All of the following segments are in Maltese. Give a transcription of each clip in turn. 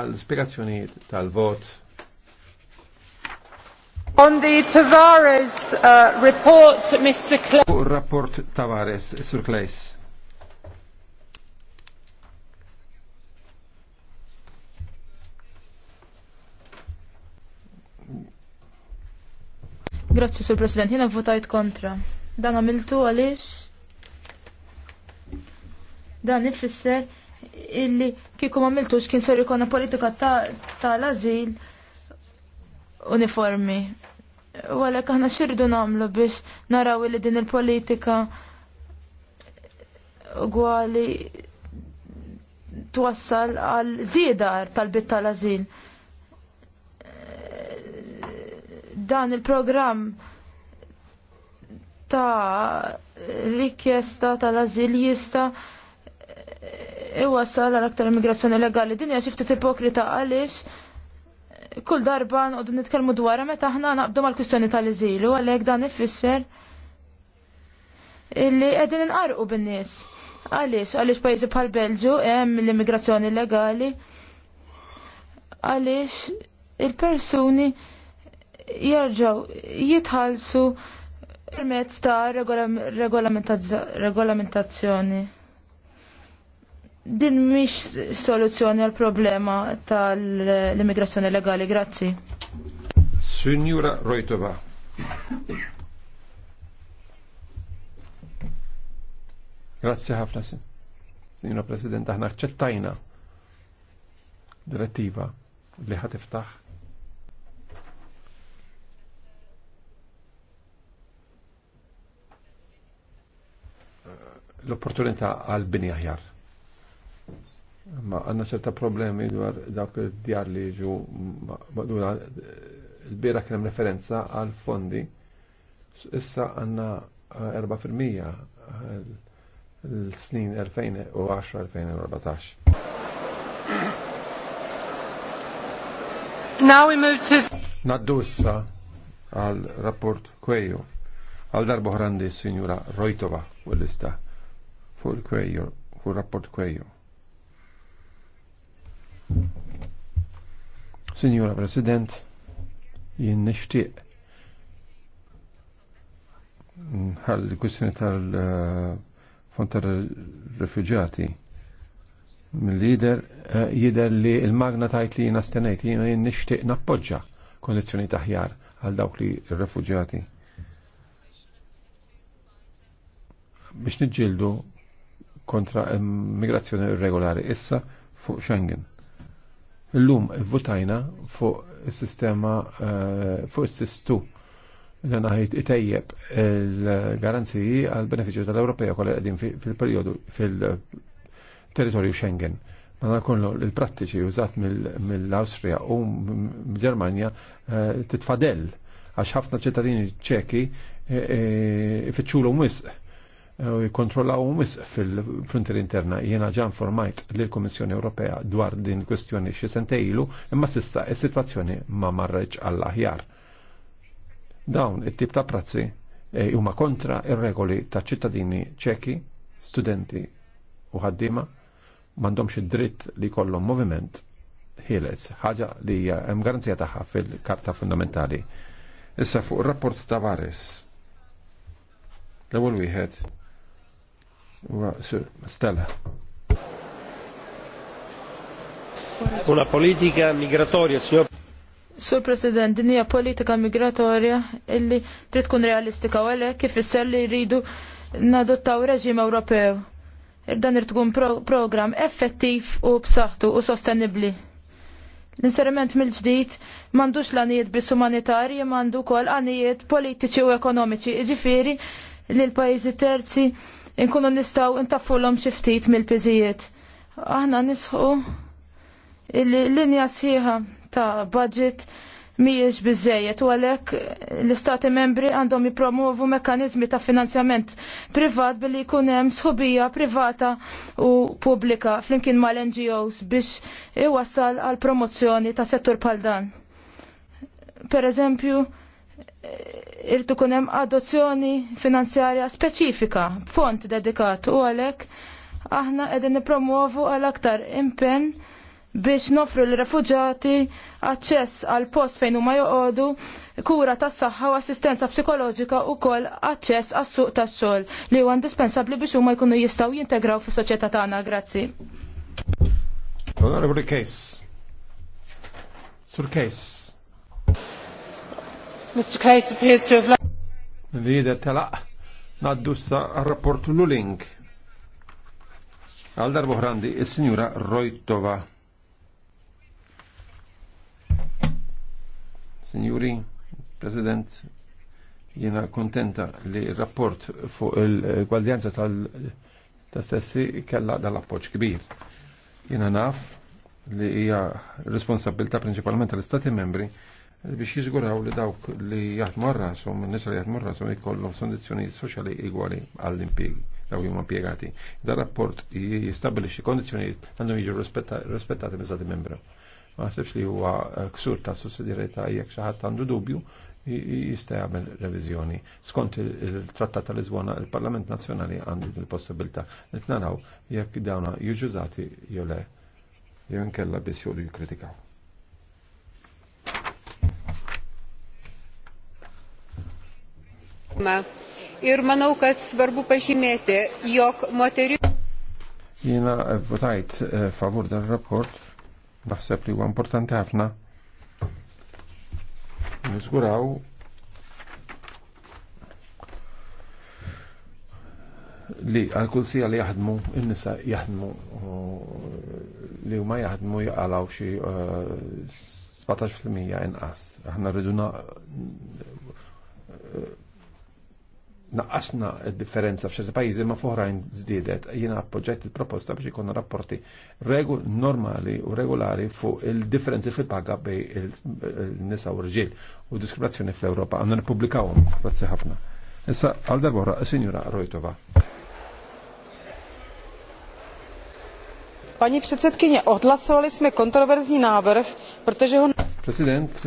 l-ispirazzjoni tal-vot. On the Tavares uh, report, Mr. Clay. Rapport Tavares, Sir Clay. Grazie, Sir President, jena votajt kontra. Dan għamiltu għalix? Dan ifisser illi kieku ma miltux kien ser ikona politika tal-azil uniformi. U kħana aħna xirdu namlu biex naraw illi din il-politika gwali twassal għal zidar tal-bit tal-azil. Dan il-program ta' rikjesta tal-azil jista' iwassal għal aktar immigrazzjoni legali. Dinja xi ftit ipokrita għaliex kull darba nqogħdu nitkellmu dwarha meta aħna naqbdu mal-kwistjoni tal-iżilu għalhekk dan ifisser illi qegħdin inqarqu bin-nies. Għaliex għaliex pajjiżi bħal Belġu hemm l-immigrazzjoni legali. Għaliex il-persuni jarġaw jitħallsu permezz ta' regolamentazzjoni din mhix soluzzjoni għal problema tal-immigrazzjoni legali, grazzi. Signora Rojtova. Grazie ħafna, Signora President, aħna ċettajna direttiva li ħatiftaħ l-opportunità għal bini aħjar ma għanna ċerta problemi dwar dawk id-djar li ġu madwar il-bira kienem referenza għal fondi issa għanna 4% l-snin 2010-2014. Now we move to... Naddussa għal rapport kwejo għal darbo ħrandi Signora Rojtova u l-lista fuq il-kwejo, fuq il-rapport kwejo. Signora President, jien nixtieq ħall kwistjoni tal-fond refugjati mill-lider eh, jider li il-magna tajt li nastenajt jina jien nishtiq nappoġġa kondizjoni taħjar għal dawk li refugjati. Biex nġildu kontra immigrazzjoni irregolari issa fuq Schengen. Illum votajna fuq is-sistema eh, fuq is-sistu l naħid itejjeb il-garanziji għal beneficju tal-Ewropea kollha qegħdin fil-perjodu fil-territorju Schengen. Ma kollu il-prattiċi użat mill-Awstrija u mill-Ġermanja eh, titfadell għax ħafna ċittadini ċeki eh, ifittxulu wisq u jikontrollaw mis fil-frontier interna. Jiena ġan formajt l-Komissjoni Ewropea dwar din kwestjoni xi sentejlu, imma sissa is-sitwazzjoni ma marreċ għall-aħjar. Dawn it-tip ta' prazzi eh, huma kontra il regoli ta' ċittadini ċeki, studenti u ħaddiema m'għandhomx id-dritt li jkollhom moviment ħieles, ħaġa li hemm garanzija tagħha fil-Karta Fundamentali. Issa fuq il rapport ta' Varis, L-ewwel wieħed Stella. Una politika migratorja, signor. Sur President, din hija politika migratorja illi trid tkun realistika u għalhekk kif isser li jridu nadottaw reġim Ewropew. Dan irid tkun pro programm effettiv u b'saħħtu u sostenibbli. L-inseriment mill-ġdid m'għandux l-għanijiet biss umanitarji m'għandu wkoll għanijiet politiċi u ekonomiċi, jiġifieri li l-pajjiżi terzi inkunu nistaw intaffu l-om xiftit mill-piżijiet. Aħna nisħu l linja sħiħa ta' budget miex bizzejiet u għalek l-istati membri għandhom jipromovu mekanizmi ta' finanzjament privat billi jkun hemm sħubija privata u pubblika flimkien mal-NGOs biex iwassal għal promozzjoni ta' settur bħal dan. Per eżempju, irtu kunem adozzjoni finanzjarja speċifika, font dedikat u għalek aħna edin nipromuovu għal aktar impen biex nofru l-refugġati aċċess għal post fejn huma joqogħdu, kura tas saħħa u assistenza psikoloġika u kol aċċess għas suq tas xogħol li huwa indispensabbli biex huma jkunu jistgħu jintegraw fis-soċjetà tagħna. Grazzi. Onorevoli Case. Sur Case. Mr. Claes appears to have left. Lider telaq naddussa rapport Luling. Għal darbo ħrandi il-Sinjura Rojtova. Sinjuri, President, jena kontenta li il-rapport fu il-gwaldjanza tal tassessi kella dal-appoċ kbir. Jena naf li hija responsabilta principalment tal-Stati membri biex jizguraw li dawk li jaħdmu rasom, n-nisa li jaħdmu rasom jikollhom kondizzjonijiet soċjali igwali għall-impjegi daw huma impjegati. Da rapport jistabilixxi kondizzjonijiet għandhom jiġu rispettati minn membra. Ma sebx li huwa ksur ta' sussidjarjetà jekk xi ħadd għandu dubju jista' jagħmel reviżjoni. Skont il-Trattat ta' Lisbona, il-Parlament Nazzjonali għandu il-possibilità li naraw jekk dawna jiġużati jew le jew inkella biss joqdu jikkritikaw. Ir manau, kad svarbu pažymėti, jog moterių. Jena votajt e, favur dal rapport, naħseb li huwa importanti ħafna. li għal-kulsija li jaħdmu, il-nisa jaħdmu, li huma jaħdmu jaqalaw xi 17% e, inqas. Aħna rridu naqqasna differenza f'ċerti pajjiżi ma foħrajn żdiedet. Jiena appoġġett il-proposta biex ikun rapporti regu normali u regolari fuq il-differenzi fil-paga bej il-nisa u rġiel u diskriminazzjoni fl-Ewropa. Għandna nippubblikawhom. Grazzi ħafna. Issa għal darbora Sinjura Rojtova. Pani předsedkyně, odhlasovali jsme kontroverzní návrh, protože ho... President,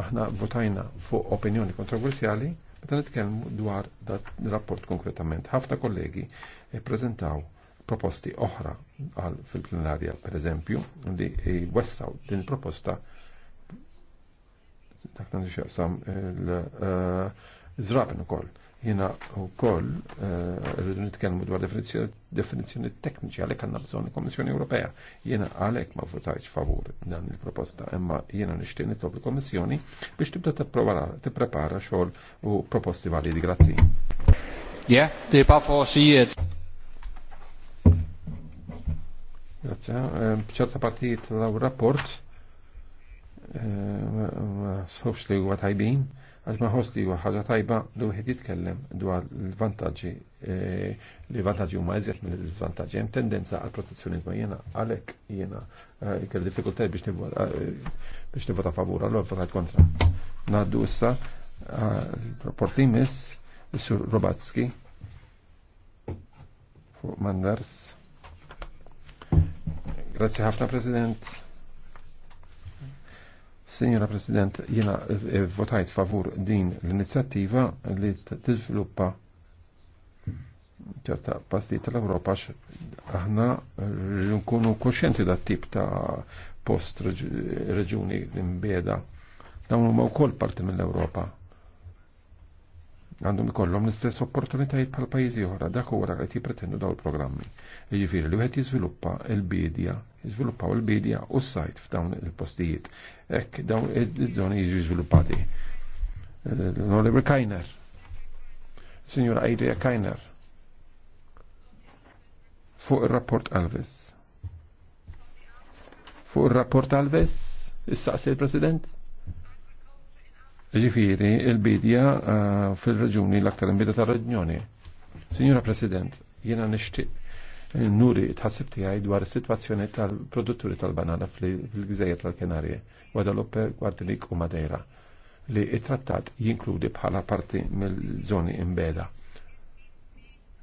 aħna votajna fuq opinjoni kontroversjali meta nitkellmu dwar dat rapport konkretament. Ħafna kollegi prezentaw proposti oħra għal fil-plenarja, per eżempju, li wessaw din proposta dak nandi sam l-zraben eh, koll jina u koll, eh, rridu nitkellmu dwar definizjoni tekniċi għalek għanna bżon il-Komissjoni Ewropea. Jina għalek ma votajċ favur dan il-proposta, imma jina nishtin nitlob il-Komissjoni biex tibda t-prepara xol u proposti validi. Grazzi. Ja, det er bare Grazie. Eh, ċerta partijiet l-rapport, eh, ma sħobx li huwa tajbin għax maħosti li ħagħa tajba li wħed jitkellem dwar l-vantaġġi e, li vantaġġi huma eżjed minn l-iżvantaġġi. Hemm tendenza għal protezzjonizmu jiena għalhekk jiena e, kelli difikultaj biex nivota e, favura favur, għu votajt kontra. Ngħaddu issa l-rapporti Sur Robatski fuq Mandars. Grazie ħafna President. Signora President, jena eh, votajt favur din l-inizjattiva li t-izviluppa ċerta pasti tal-Europa aħna nkunu koxenti da tip ta' post reġuni imbeda. Dawn huma wkoll parti mill-Ewropa għandhom ikollhom l-istess opportunitajiet bħal pajjiżi oħra dak huwa dak qed jippretendu dawn il-programmi. Jiġifieri li wieħed jiżviluppa l-bidja, jiżviluppaw il-bidja u s-sajt f'dawn il-postijiet. Hekk dawn iż-żoni jiġu żviluppati. L-Onorevole Kajner. Signora Adria Kajner. Fuq ir-rapport Alves. Fuq ir-rapport Alves, issaqsi il-President? Ġifiri, il-bidja eh, fil-reġuni l-aktar imbida tal-reġjoni. Signora President, jena nishtiq Nuri, tħassib tijaj dwar is-sitwazzjoni tal-produtturi tal-banana fil-gżejjer tal-Kenarje, Guadalupe, Guadalik u Madeira, li it-trattat jinkludi bħala parti mill-żoni imbeda.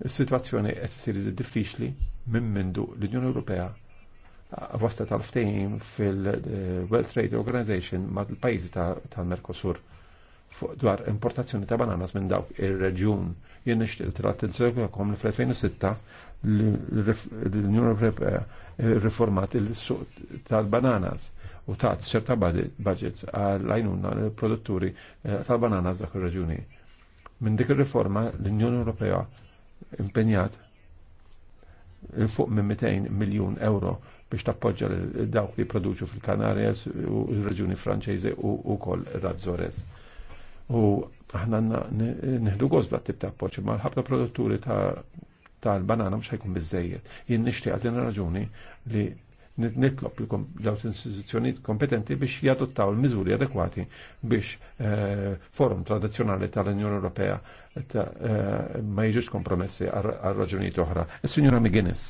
Is-sitwazzjoni qed isir diffiċli minn mindu l-Unjoni Ewropea eh, wasta tal-ftehim fil-World eh, Trade Organization mal-pajjiżi tal-Mercosur. Ta dwar importazzjoni ta' bananas minn dawk ir-reġjun. Jien nixtieq tal-attenzjoni kom li fl-2006 l-Unjoni Ewropea eh, riformat il-suq tal-bananas u tat ċerta budgets għal-għajnuna l-produtturi eh, tal-bananas dak ir-reġjuni. Minn dik ir-riforma l-Unjoni Ewropea impenjat fuq minn 200 miljun euro biex tappoġġa dawk li produċu fil-Kanarias u l-reġjuni Franċiżi u wkoll Razzores. U aħna neħdu għozba tip ta' poċi, ma' ħabta produtturi tal-banana mux ħajkun bizzejiet. Jien nishti għadin raġuni li nitlob l-istituzzjonijiet kompetenti biex jadottaw l-miżuri adekwati biex forum tradizjonali tal-Unjoni Ewropea ma jiġux kompromessi għal raġuni oħra. Il-Signora McGuinness.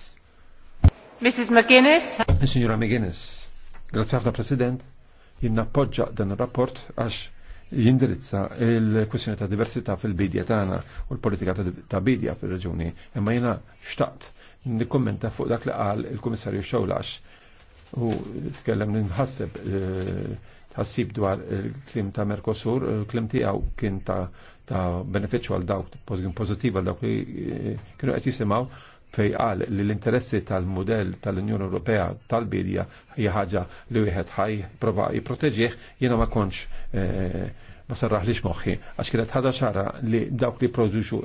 Mrs. McGuinness. Il-Signora McGuinness. Grazie għafna President. Jien nappoġġa dan il rapport għax jindirizza il-kwestjoni ta' diversità fil-bidja tagħna u l-politika ta' bidja fil-reġuni. Imma jiena xtaqt nikkommenta fuq dak li qal il-Kummissarju Xawlax u tkellem nħasseb eh, tħassib dwar il-klim ta' Merkosur, il-klim tiegħu kien ta' ta' beneficju għal dawk, pozittiv għal dawk li eh, kienu qed jisimgħu fej qal li l-interessi tal-modell tal-Unjoni Ewropea tal-bidja hija ħaġa li wieħed ħaj prova jipproteġih, jiena ma kontx eh, ma sarraħlix moħħi, għax kienet ħada ċara li dawk li produċu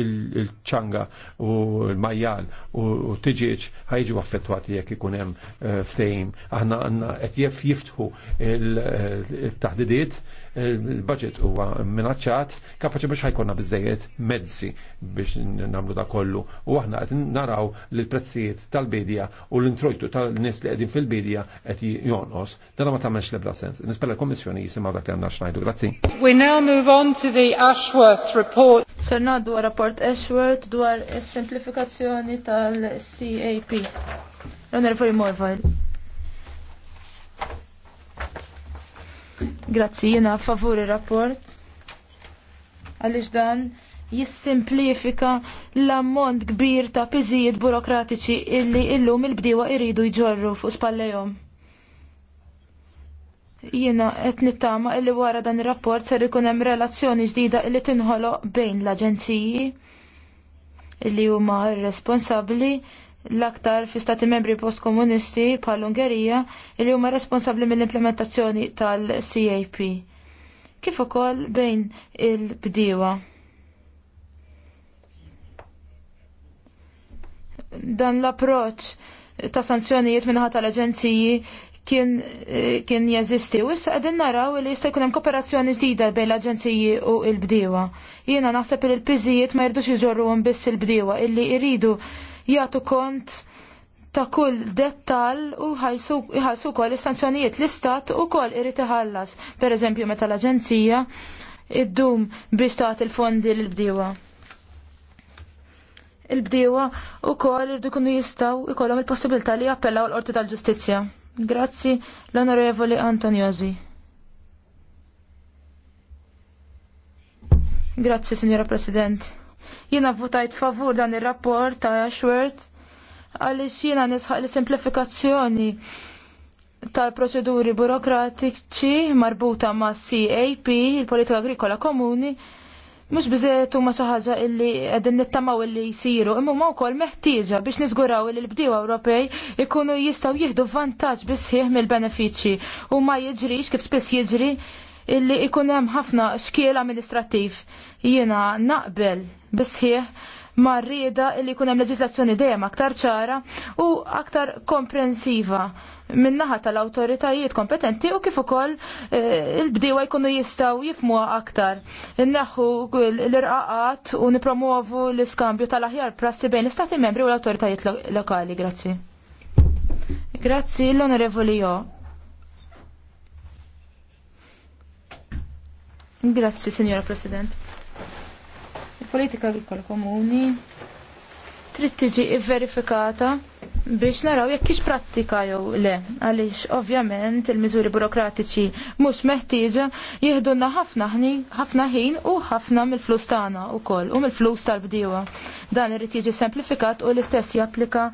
il-ċanga u l-majjal u t-tiġieġ ħajġu affettwati jekk ikun hemm eh, ftehim. Aħna għandna qed jiftħu eh, il-taħdidiet il-budget huwa minaċċat, kapaċi biex ħajkonna bizzejiet mezzi biex namlu da kollu. U aħna qed naraw li l-prezzijiet tal-bidja u l-introjtu tal-nies li qegħdin fil-bidja qed jonqos. Dan ma tagħmelx l-ebda sens. Nispella l-Kommissjoni jisimgħu dak li għandna xnajdu. Grazzi. We now move on to the Ashworth report. Ser dwar rapport Ashworth dwar is-simplifikazzjoni tal-CAP. L-Onorevoli Grazzi, jena favur il-rapport. Għalix dan jissimplifika l-ammont kbir ta' piżijiet burokratiċi illi illum il bdiwa iridu jġorru fuq spallejhom. Jiena qed nittama illi wara dan ir-rapport ser ikun hemm relazzjoni ġdida illi tinħoloq bejn l-aġenziji illi huma responsabbli l-aktar fi stati membri post-komunisti pal ungerija li huma responsabbli mill-implementazzjoni tal-CAP. Kif ukoll bejn il-bdiewa. Dan l-approċ ta' sanzjonijiet minnaħa tal-aġenziji kien, kien jeżisti. U issa qegħdin naraw li jista' jkun hemm kooperazzjoni ġdida bejn l-aġenziji u l-bdiewa. Jiena naħseb li l-piżijiet ma jirdux jiġorruhom biss il-bdiewa illi jridu jagħtu kont ta' kull dettal u ħajsu wkoll is istanzjonijiet l-istat u ukoll irid iħallas, pereżempju meta l-aġenzija d-dum biex tagħti il-fondi l-bdiewa. il u kol irdu jistaw jistgħu kolom il-possibilità li jappellaw l-Qorti tal-Ġustizzja. Grazzi l-Onorevoli Antoniozi. Grazzi, Signora President. Jiena votajt favur dan ir-rapport ta' Ashworth għaliex jiena nisħaq l-simplifikazzjoni tal-proċeduri burokratiċi marbuta ma' CAP, il-Politika Agrikola Komuni, mhux biżejjed huma ma' ħaġa illi qegħdin nittamaw illi jsiru, imma ma wkoll meħtieġa biex niżguraw li l bdiwa Ewropej ikunu jistgħu jieħdu vantaġġ bisħieħ mill-benefiċċji u ma jiġrix kif spess jiġri illi ikun hemm ħafna xkiel amministrattiv. Jiena naqbel bisħieħ marrieda illi jkun hemm leġislazzjoni dejjem aktar ċara u aktar komprensiva min-naħa tal-awtoritajiet kompetenti u kif ukoll eh, il-bdiewa jkunu jistgħu jifmuha aktar. Inneħħu l-irqaqat u nipromovu l-iskambju tal-aħjar prassi bejn l-istati membri u l-awtoritajiet lokali. Grazzi. Grazzi l-Onorevoli Jo. Grazzi, Signora President. Il-politika agrikola komuni trid tiġi verifikata biex naraw jekk kiex prattika jew le, għaliex ovvjament il-miżuri burokratiċi mhux meħtieġa jihdunna ħafna ħafna ħin u ħafna mill-flus tagħna wkoll u mill-flus tal-bdiewa. Dan irid jiġi semplifikat u l-istess japplika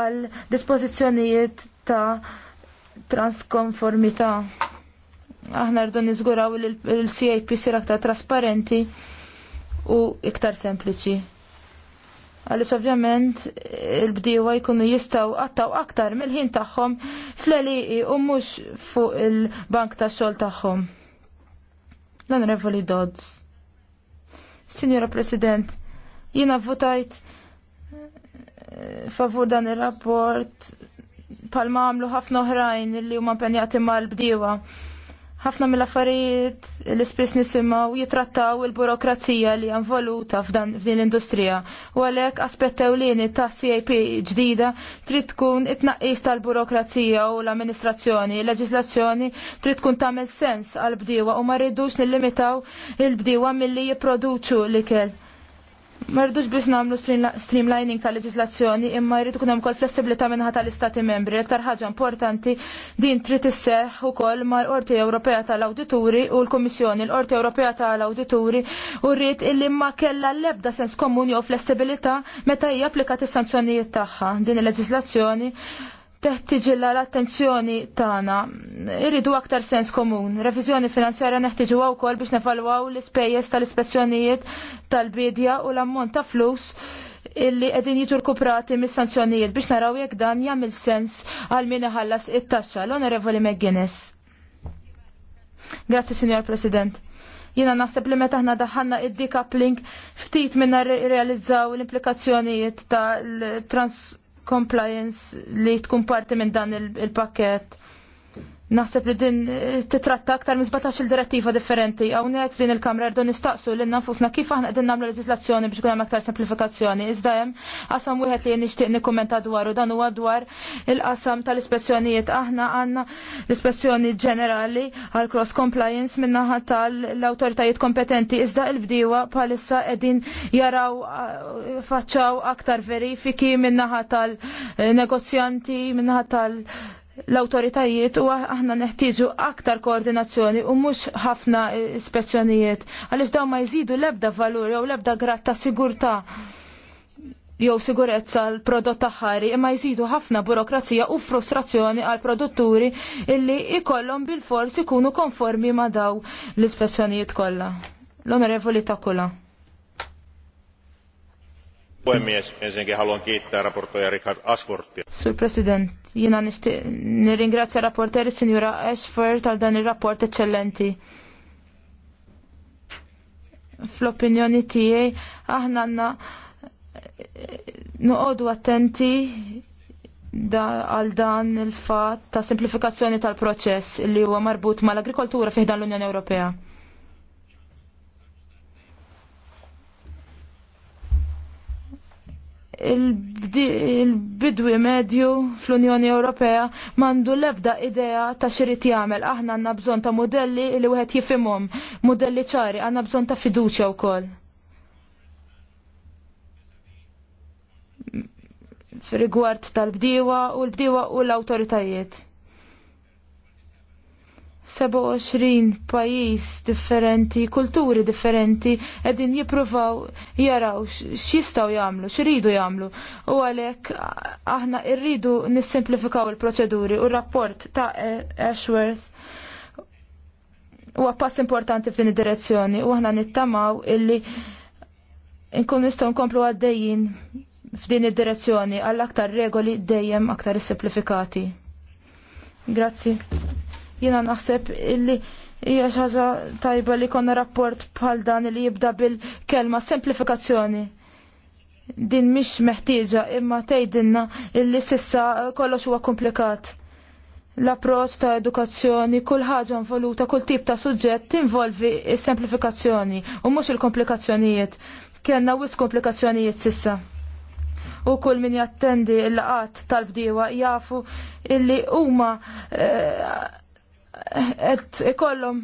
għal dispożizzjonijiet ta' transkonformità. Aħna rridu niżguraw li l-CIP sir aktar trasparenti u iktar sempliċi. Għaliex ovvjament il-bdiewa jkunu jistgħu għattaw aktar mill-ħin tagħhom fl-eliqi e u mhux fuq il-bank tax-xogħol tagħhom. L-Onorevoli Dodds. Signora President, jina votajt eh, favur dan il-rapport palma għamlu ħafna oħrajn li huma penjati mal-bdiewa ħafna mill-affarijiet li nisimma nisimgħu jitrattaw il-burokrazija li għan voluta f'din l-industrija. U għalhekk li ewlieni ta' CAP ġdida trid tkun it-tnaqqis tal-burokrazija u l-amministrazzjoni, l-leġislazzjoni trid tkun tagħmel sens għall bdiwa u ma rridux nillimitaw il mill milli jipproduċu l-ikel. Merdux biex namlu streamlining ta' leġislazzjoni imma jrid ikun hemm ukoll flessibilità minħa tal-Istati membri. Iktar ħaġa importanti din trid isseħħ ukoll mal-Qorti Ewropea tal-Awdituri u l-Kummissjoni l-Qorti Ewropea tal-Awdituri u rrid illi ma kellha l-ebda sens komuni jew flessibilità meta hija applikat is-sanzjonijiet tagħha. Din il-leġislazzjoni teħtiġilla l-attenzjoni tagħna. Irridu aktar sens komun. Reviżjoni finanzjarja neħtiġu wkoll biex nevalwaw l-ispejjeż tal-ispezzjonijiet tal-bidja u l-ammont ta' flus illi qegħdin jiġu rkuprati mis-sanzjonijiet biex naraw jekk dan jagħmel sens għal min iħallas it-taxxa l-Onorevoli McGuinness. Grazzi, Signor President. Jiena naħseb li meta aħna daħħalna id-decoupling ftit minna realizzaw l-implikazzjonijiet tal-trans compliance li tkun parti minn dan il-pakket. il, Naħseb li din eh, titratta aktar minn 17 direttiva differenti nek din il-Kamra rdu nistaqsu lil nafusna kif aħna qegħdin nagħmlu leġislazzjoni biex ikun hemm aktar simplifikazzjoni. Iżda hemm qasam wieħed li nixtieq dwar, u dan huwa dwar il-qasam tal ispessjonijiet Aħna għandna l-ispezzjoni ġenerali għal cross compliance minnaħa tal-awtoritajiet kompetenti iżda l-bdiewa bħalissa qegħdin jaraw eh, faċċaw aktar verifiki minnaħa tal-negozjanti, minna tal-, -negozjanti, minnaħa tal l-autoritajiet u aħna neħtieġu aktar koordinazzjoni u mhux ħafna eh, ispezzjonijiet għaliex dawn ma jżidu l-ebda valur jew l-ebda grad ta' sigurtà jew sigurezza l prodott taħħari imma jżidu ħafna burokrazija u frustrazzjoni għal produtturi illi ikollhom bil-fors ikunu konformi ma' daw l-ispezzjonijiet kollha. L-Onorevoli Takula. Puhemies, ensinnäkin haluan kiittää raportoja Richard Ashfordia. Sur President, jina nirringrazzja rapporteri Signora Ashford għal dan ir rapport eccellenti. Fl-opinjoni tiegħi aħna għandna noqogħdu attenti għal dan il-fat ta' simplifikazzjoni tal-proċess li huwa marbut mal-agrikoltura fih dan l-Unjoni Ewropea. il-bidwi medju fl-Unjoni Ewropea mandu lebda idea ta' xirrit jagħmel. Aħna għandna bżonn ta' modelli li wieħed jifimhom, modelli ċari, għandna bżonn ta' fiduċja wkoll. F'rigward tal-bdiewa u l-bdiewa u l-awtoritajiet. 27 pajjiż differenti, kulturi differenti, qegħdin jippruvaw jaraw x'jistgħu jagħmlu, x'iridu jagħmlu. U għalhekk aħna rridu nissimplifikaw il-proċeduri u r-rapport ta' e- Ashworth huwa pass importanti f'din id-direzzjoni u aħna nittamaw illi nkun nistgħu nkomplu għaddejjin f'din id-direzzjoni għall aktar regoli dejjem aktar simplifikati. Grazzi. Jiena naħseb illi hija xi ħaġa tajba li konna rapport bħal dan li jibda bil-kelma semplifikazzjoni. Din mhix meħtieġa imma tgħidilna illi sissa kollox huwa komplikat. L-approċċ ta' edukazzjoni, kull ħaġa involuta, kull tip ta' suġġett involvi s-semplifikazzjoni u mhux il-komplikazzjonijiet. Kenna wis komplikazzjonijiet sissa u kull min jattendi l qatt tal-bdiewa jafu illi huma eh, qed ikollhom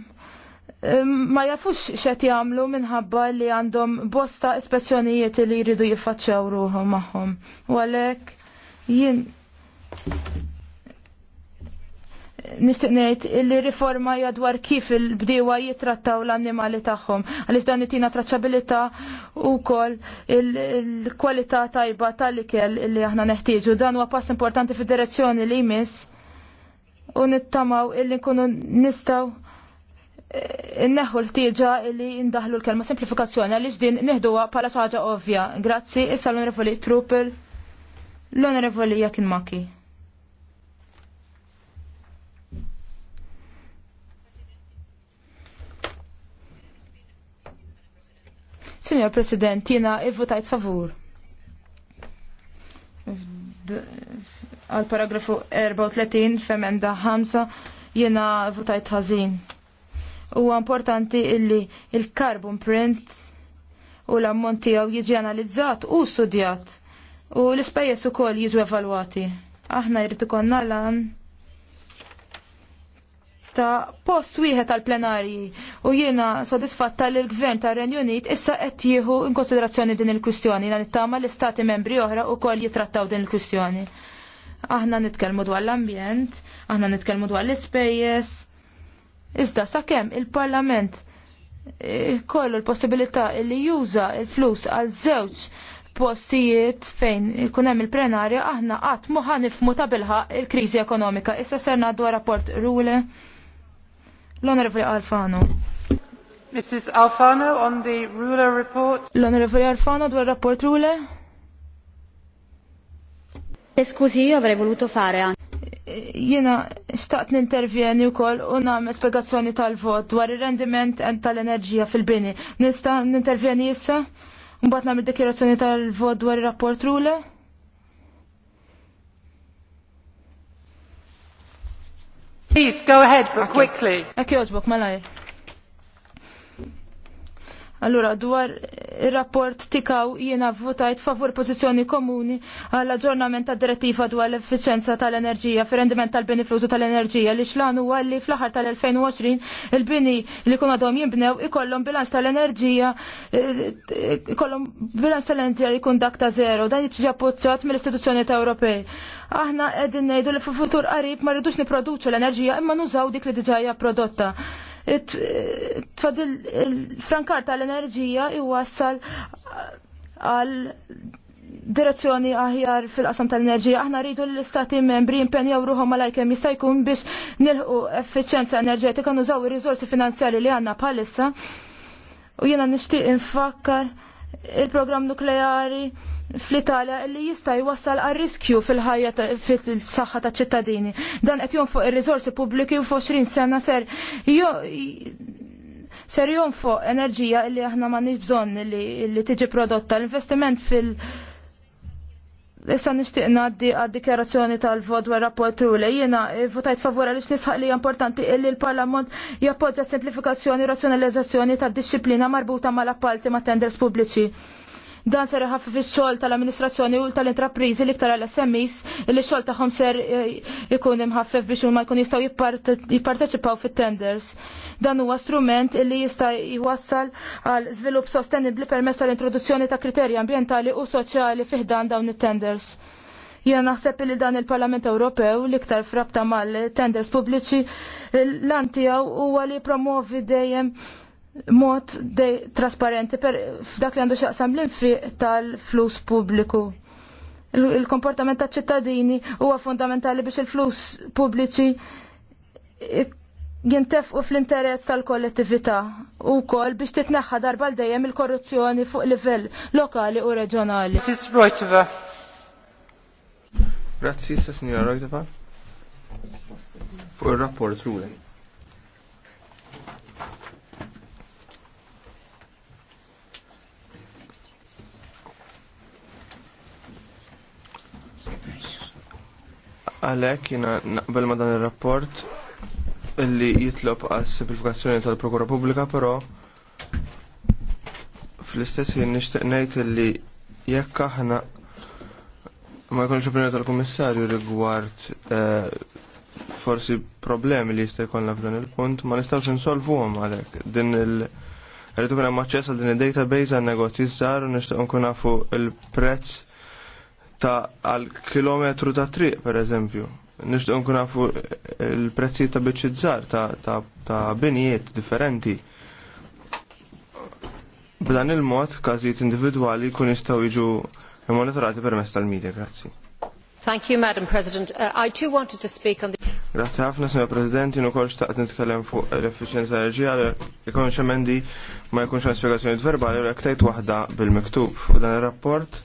ma jafux xet jamlu minħabba li għandhom bosta ispezzjonijiet li jridu jiffaċċaw ruħom maħħom. U għalek jien nishtiq ngħid li riforma jadwar kif il-bdiewa jitrattaw l-annimali tagħhom. Għaliex dan itina u wkoll il-kwalità tajba tal-ikel li aħna neħtieġu. Dan huwa pass importanti fil direzzjoni li jmiss u nittamaw illi nkunu nistaw eh, neħu l-tieġa illi indaħlu l-kelma simplifikazzjoni għaliex din neħduha bħala ħaġa ovvja. Grazzi, issa l-onorevoli Truppel, l-onorevoli Jakin Maki. Signor President, jina ivvutajt favur għal paragrafu 34 femenda 5 jena votajt ħażin. Huwa importanti illi il-carbon print u l-ammont tiegħu jiġi analizzat u studjat u l-ispejjeż ukoll jiġu evalwati. Aħna jrid ikollna lan ta' post wieħed tal plenarji u jiena sodisfatta li l-gvern ta' Renju Unit issa qed jieħu in konsiderazzjoni din il-kwistjoni jiena nittama l-istati membri oħra koll jitrattaw din il-kwistjoni. Aħna nitkellmu dwar l-ambjent, aħna nitkellmu dwar l-ispejjeż. Iżda sakemm il-Parlament eh, kollu l-possibilità li juża il-flus għal żewġ postijiet fejn ikun hemm il-prenarja aħna qatt moħa nifmu ta' bilħaq il-kriżi ekonomika. Issa serna dwar rapport Rule. L-Onorevoli Alfano. Mrs. Alfano on the ruler report. L-Onorevoli Alfano dwar rapport rule? Scusi, io avrei voluto fare anche. Jena xtaqt nintervjeni u koll u nam spiegazzjoni tal-vot dwar il-rendiment tal-enerġija fil-bini. Nista nintervjeni jissa? Mbatna mid-dekirazzjoni tal-vot dwar il-rapport rule? Please, go ahead, but quickly. Ekki Allura dwar ir-rapport tikaw jiena votajt favur pożizzjoni komuni għall aġġornament tad direttiva dwar l effiċjenza tal-enerġija fir-rendiment tal-bini tal-enerġija li xlan huwa li fl-aħħar tal-2020 il-bini li kun għadhom jinbnew ikollhom bilanċ tal-enerġija eh, ikollhom bilanċ tal-enerġija li jkun dak ta' zero dan jiġi appoġġjat mill-istituzzjoni ta' Ewropej. Aħna qegħdin ngħidu li fil-futur qarib ma rridux niproduċu l-enerġija imma nużaw dik li diġà hija prodotta tfadil frankar tal-enerġija iwassal għal direzzjoni aħjar fil-qasam tal-enerġija. Aħna rridu l-istati membri impenjaw ruħom malajkem jista' jkun biex nilħu effiċenza enerġetika nużaw ir-riżorsi finanzjari li għandna bħalissa. U jiena nixtieq infakkar il-programm nukleari fl-Italja li jista' jwassal għal riskju fil-ħajja fil-saħħa ta' ċittadini. Dan qed jonfoq ir-riżorsi pubbliki u fuq 20 sena ser ser jonfoq enerġija li aħna m'għandniex bżonn li tiġi prodotta. L-investiment fil- Issa nixtieq ngħaddi għad-dikjarazzjoni tal-vot dwar rapport rule. Jiena eh, votajt favur għaliex nisħaq li importanti illi l-Parlament jappoġġa simplifikazzjoni u razzjonalizzazzjoni tad-disciplina marbuta mal-appalti ma' tenders pubbliċi. Dan ser ħaffi fix-xogħol tal-amministrazzjoni u tal-intrapriżi li ktar għal smes li xogħol tagħhom ser eh, ikun imħaffif biex huma jkun jistgħu jipparteċipaw fit-tenders. Dan huwa strument li jista' jwassal għal żvilupp sostenibbli permezz tal-introduzzjoni ta' kriterji ambjentali u soċjali fiħdan dawn it-tenders. Jena naħseb li dan il-Parlament Ewropew li ktar frabta mal-tenders pubbliċi l-antijaw huwa li promovi dejjem mod dej trasparenti per f'dak li għandu xaqsam l-infiq tal-flus pubbliku. Il-komportament ta' ċittadini huwa fundamentali biex il-flus pubbliċi jintefqu fl-interess tal-kollettività u kol biex titneħħa darba dejjem il-korruzzjoni fuq livell lokali u reġjonali. Grazzi, signora Rojtova. Fuq il-rapport ruling. Għalhekk jiena naqbel ma dan ir-rapport illi jitlob għal simplifikazzjoni tal-Prokura Pubblika, però fl-istess jien nixtieq ngħid illi jekk aħna ma jkunx opinjoni tal-Kummissarju rigward eh, forsi problemi li jista' jkollna f'dan il-punt ma nistgħux insolvuhom għalhekk din il- Rridu kien hemm aċċess għal din id-database għal negozji żgħar u nixtieq nkun nafu l-prezz ta' għal kilometru ta' triq per eżempju. Nishtu nkun nafu l prezzi ta' bieċi dżar, ta', ta, ta binijiet differenti. B'dan il-mod kazijiet individuali kun jistaw iġu monitorati per mesta l medja Grazzi. Thank you, Madam President. Uh, I too wanted to speak on the... Grazie ħafna, Sr. President, jinu kol xtaqt nitkellem fuq l-efficienza enerġija, jkun xemendi ma jkunx għan spiegazzjoni verbali, l-ektajt wahda bil-miktub. U dan il-rapport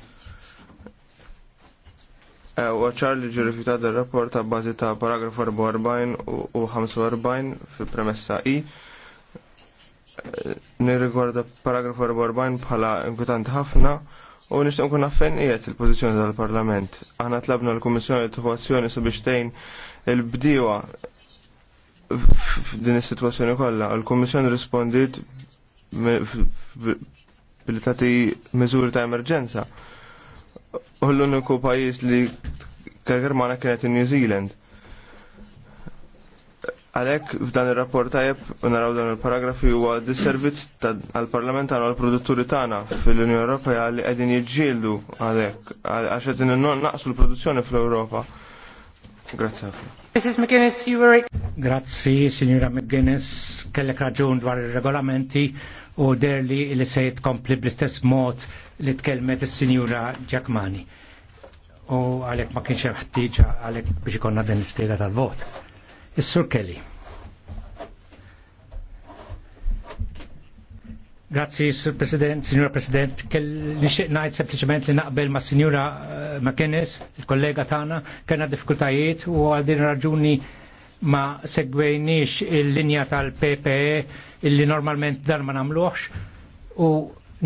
Eh, u ċar li ġurifita il rapport ta' bazi ta' paragraf 44 u 45 fi premessa I eh, nirrigwarda paragraf 44 bħala inkwitanti ħafna u nixtieq nkun affen qiegħed il-pożizzjoni tal-Parlament. Aħna tlabna l-Kummissjoni t sabiex tgħin il-bdiewa f'din is-sitwazzjoni kollha. l kummissjoni rispondiet bil tagħti miżuri ta' emerġenza u l-uniku pajis li kal kienet in New Zealand. Għalek f'dan il-rapport tajab u naraw dan il-paragrafi huwa disservizz għal-Parlament għal parlament għal produtturi tagħna fil-Unjoni Ewropea li qegħdin jiġġieldu għalhekk għax qed naqsu l-produzzjoni fl europa Grazie. Mrs. McGuinness, you were... Grazzi, signora McGuinness, kellek raġun dwar il-regolamenti u derli li se jitkompli bl-istess mod li tkellmet is-Sinjura Ġakmani. U għalek ma kienx hemm ħtieġa għalek biex ikonna din l-ispjega tal-vot. Is-Sur Kelly. Grazzi, Sur President, Sinjura President, nixtieq ngħid sempliċement li naqbel ma' Sinjura eh, McKinnis, il-kollega tagħna, kellna diffikultajiet u għal din raġuni ma segwejniex il-linja tal-PPE illi normalment dar ma namluħx u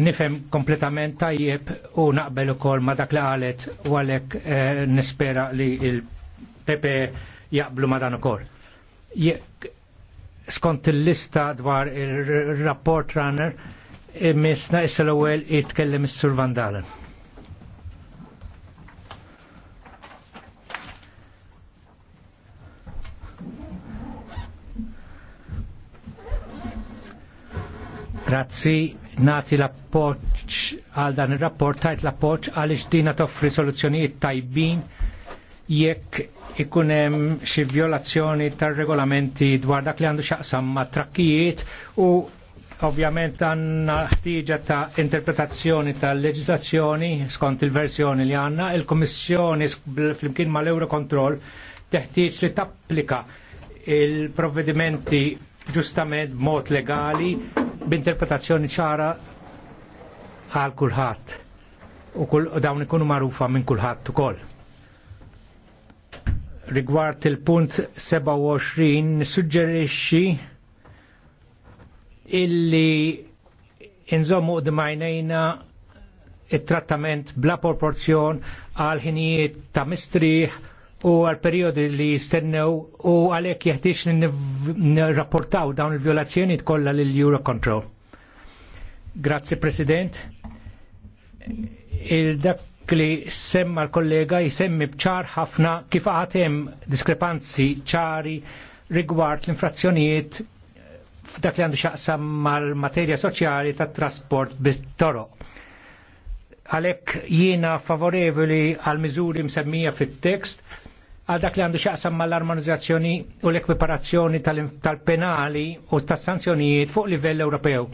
nifem kompletament tajjeb u naqbel ukoll ma dak li qalet u għalhekk eh, nispera li il-Pepe jaqblu ma dan ukoll. Skont il-lista dwar il-rapport runner, eh, misna issa l-ewwel jitkellem is-Sur Vandalen. Grazzi, nati l-appoċ għal dan il-rapport, tajt l-appoċ għalix dina toffri soluzzjonijiet tajbin jekk ikunem xi violazzjoni tar-regolamenti dwar dak li għandu xaqsam ma' trakkijiet u ovvjament għanna ħtiġa ta' interpretazzjoni ta' leġizazzjoni skont il verżjoni li għanna, il-Kommissjoni fl-imkien ma' l-Eurocontrol teħtieġ li tapplika il-provvedimenti ġustament b'mod legali b'interpretazzjoni ċara għal kulħadd u kul, dawn ikunu magħrufa minn kulħadd ukoll. Rigward il-punt 27 nissuġġerixxi illi inżommu d-majnejna it-trattament bla proporzjon għal ħinijiet ta' mistrieħ u għal periodi li jistennew u għalhekk jeħtiex li nirrapportaw dawn il-violazzjoni kollha lil Eurocontrol. Grazzi President. Il-dak li semma l-kollega jisemmi bċar ħafna kif għatem diskrepanzi ċari rigward l-infrazzjonijiet f'dak li għandu xaqsam mal-materja soċjali tat trasport bit-toroq għalek jiena favorevoli għal miżuri msemmija fit-tekst għal dak li għandu xaqsam mal-armonizzazzjoni u l-ekwiparazzjoni tal-penali u tas-sanzjonijiet fuq livell Ewropew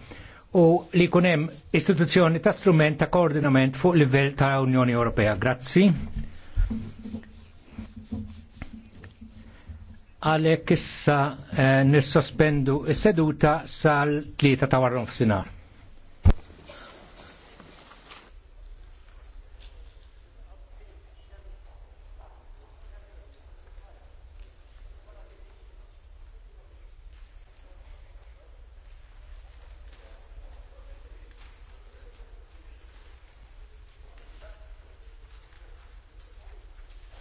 u li kunem istituzzjoni ta' strument ta' koordinament fuq livell ta' Unjoni Ewropea. Grazzi. Għalek issa eh, nissospendu is-seduta sal-tlieta ta' warron f'sinar.